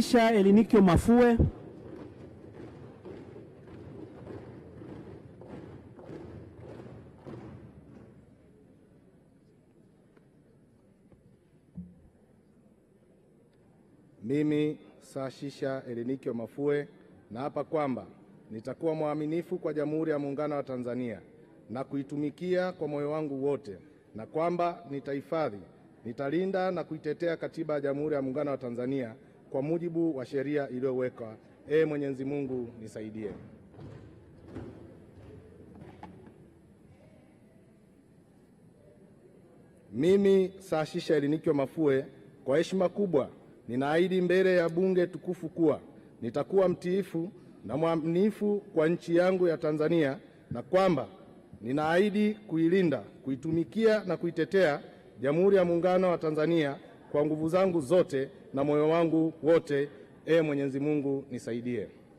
Kisha Elinikio Mafue. Mimi Saashisha Elinikio Mafue hapa kwamba nitakuwa mwaminifu kwa Jamhuri ya Muungano wa Tanzania na kuitumikia kwa moyo wangu wote, na kwamba nitahifadhi, nitalinda na kuitetea Katiba ya Jamhuri ya Muungano wa Tanzania kwa mujibu wa sheria iliyowekwa. Ee Mwenyezi Mungu nisaidie. Mimi Saashisha Elinike Mafue, kwa heshima kubwa ninaahidi mbele ya bunge tukufu kuwa nitakuwa mtiifu na mwaminifu kwa nchi yangu ya Tanzania na kwamba ninaahidi kuilinda, kuitumikia na kuitetea Jamhuri ya Muungano wa Tanzania kwa nguvu zangu zote na moyo wangu wote, Ee Mwenyezi Mungu nisaidie.